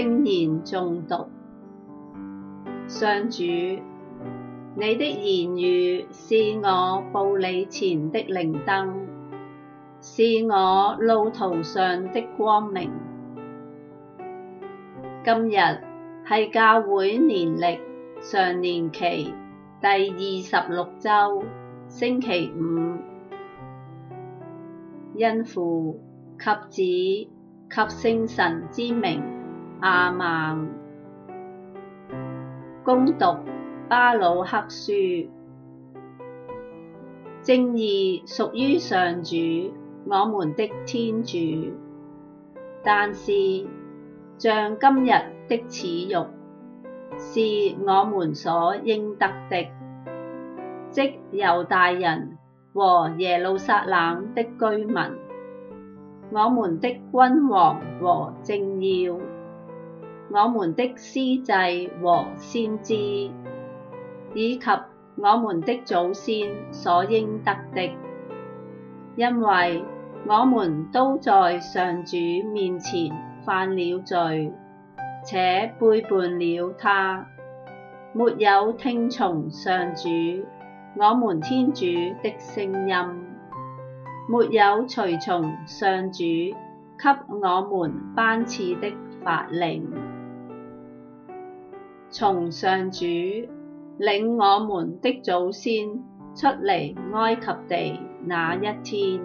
聖言誦讀。上主，你的言語是我步履前的靈燈，是我路途上的光明。今日係教會年曆常年期第二十六周星期五，因父及子及聖神之名。阿曼。恭讀巴路克書，正義屬於上主，我們的天主。但是，像今日的恥辱，是我們所應得的，即猶大人和耶路撒冷的居民，我們的君王和政要，我們的司祭和先知，以及我們的祖先所應得的，因為我們都在上主面前犯了罪，且背叛了他，沒有聽從上主，我們天主的聲音，沒有隨從上主給我們頒賜的法令。從上主領我們的祖先出離埃及地那一天，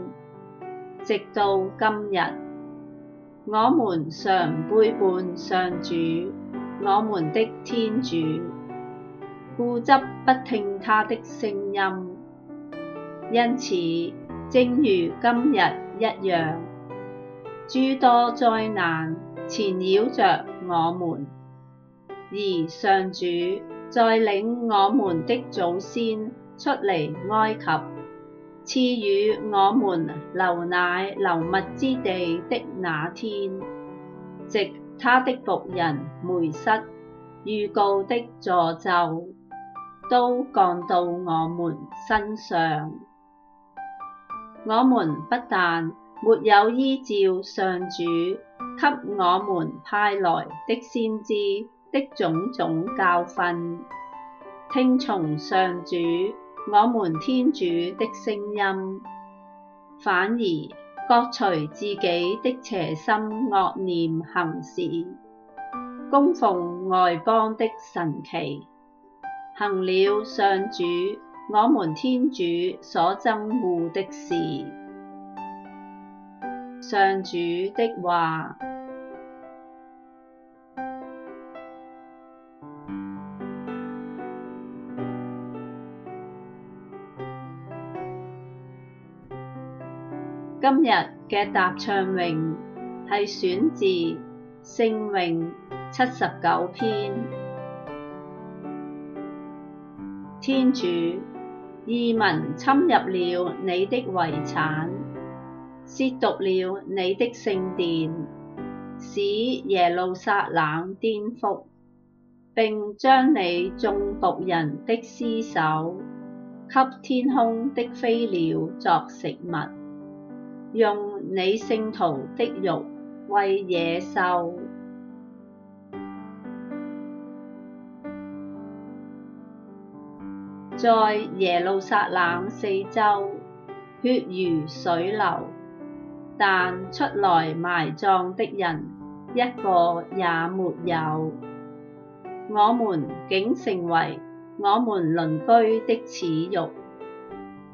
直到今日，我們常背叛上主，我們的天主，固執不聽他的聲音，因此正如今日一樣，諸多災難纏繞着我們。而上主在領我們的祖先出離埃及，賜予我們流奶流蜜之地的那天，藉他的僕人梅瑟預告的詛咒，都降到我們身上。我們不但沒有依照上主給我們派來的先知的種種教訓，聽從上主我們天主的聲音，反而各隨自己的邪心惡念行事，供奉外邦的神祇，行了上主我們天主所憎惡的事。上主的話。今日嘅答唱詠係選自聖詠七十九篇。天主，異民侵入了你的遺產，褻瀆了你的聖殿，使耶路撒冷顛覆，並將你眾僕人的屍首給天空的飛鳥作食物。用你聖徒的肉餵野獸。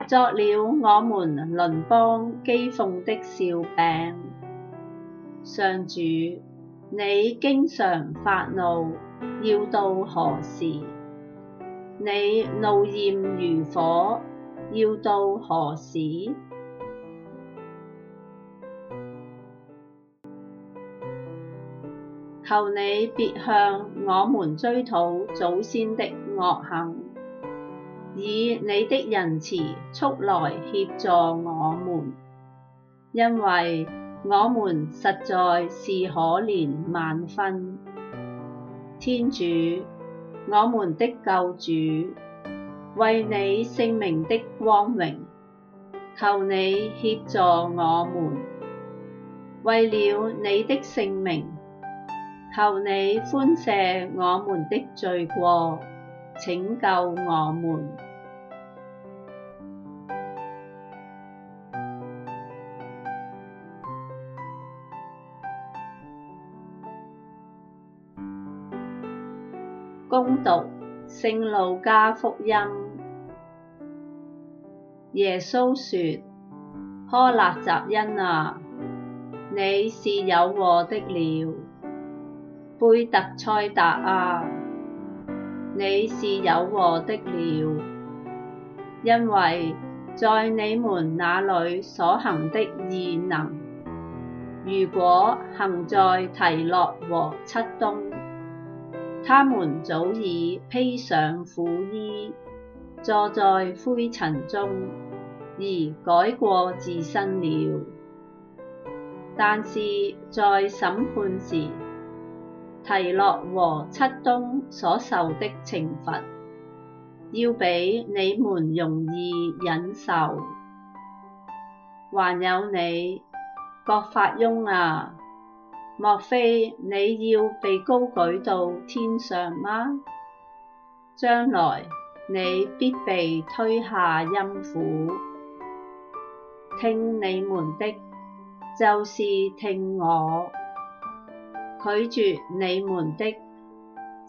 作了我們鄰邦譏諷的笑柄。上主，你經常發怒，要到何時？你怒焰如火，要到何時？求你別向我們追討祖先的惡行。以你的仁慈速來協助我們，因為我們實在是可憐萬分。天主，我們的救主，為你聖名的光榮，求你協助我們。為了你的聖名，求你寬赦我們的罪過。拯救我們。恭讀《聖路加福音》，耶穌說：「苛辣匝因啊，你是有禍的了。貝特賽達啊。」你是有禍的了，因為在你們那裏所行的異能，如果行在提洛和漆冬，他們早已披上苦衣，坐在灰塵中，而改過自新了。但是在審判時，提洛和漆冬所受的懲罰，要比你們容易忍受。還有你葛法翁啊，莫非你要被高舉到天上嗎？將來你必被推下陰府。聽你們的，就是聽我。拒絕你們的，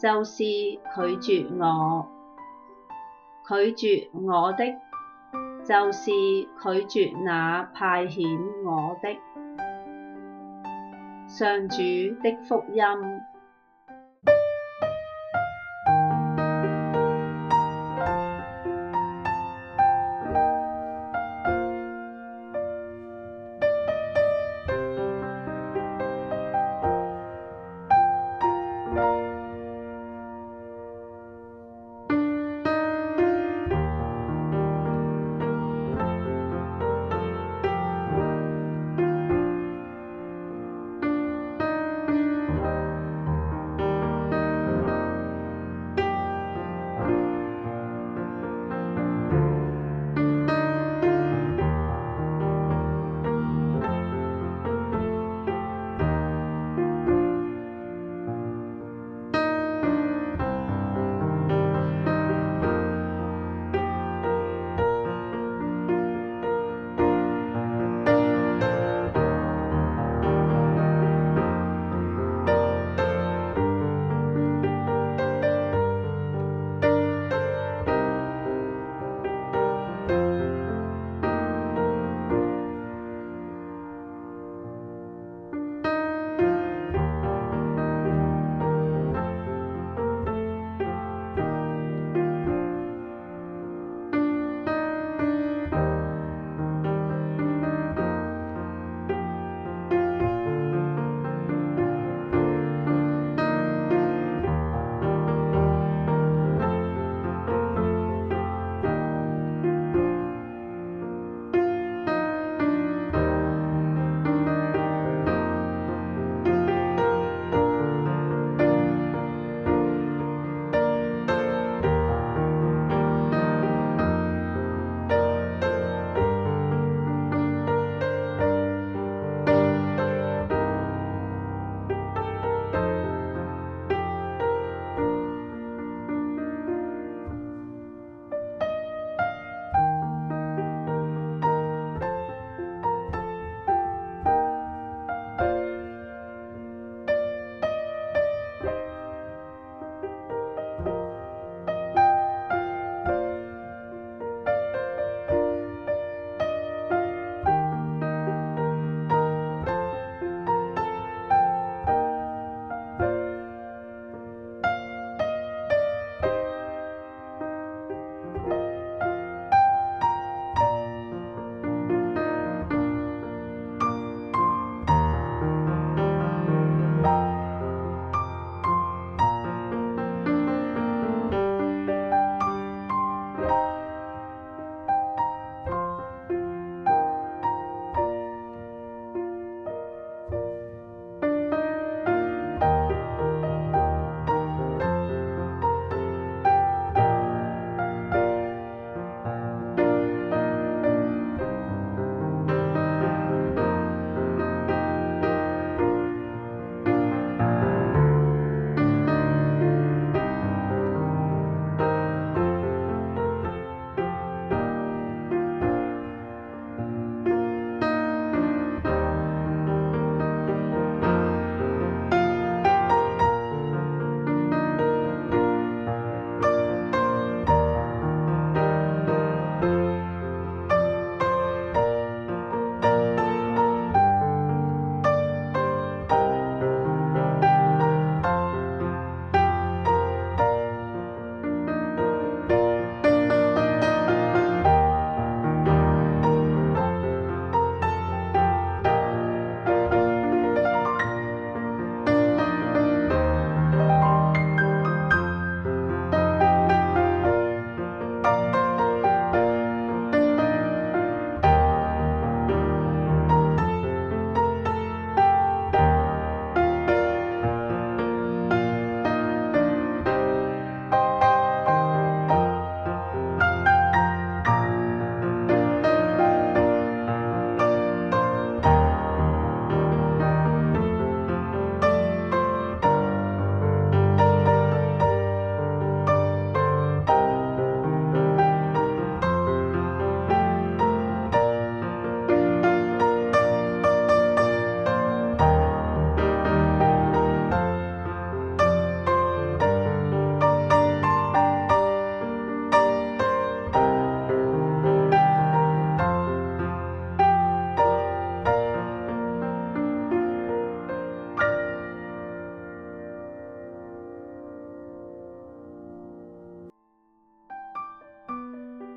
就是拒絕我；拒絕我的，就是拒絕那派遣我的。上主的福音。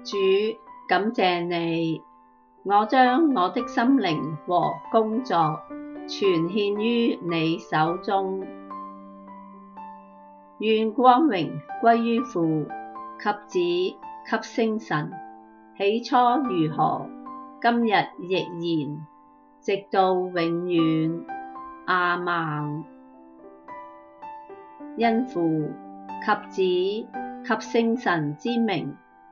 主，感謝你，我將我的心靈和工作全獻於你手中，願光榮歸於父及子及聖神，起初如何，今日亦然，直到永遠，亞孟。因父及子及聖神之名。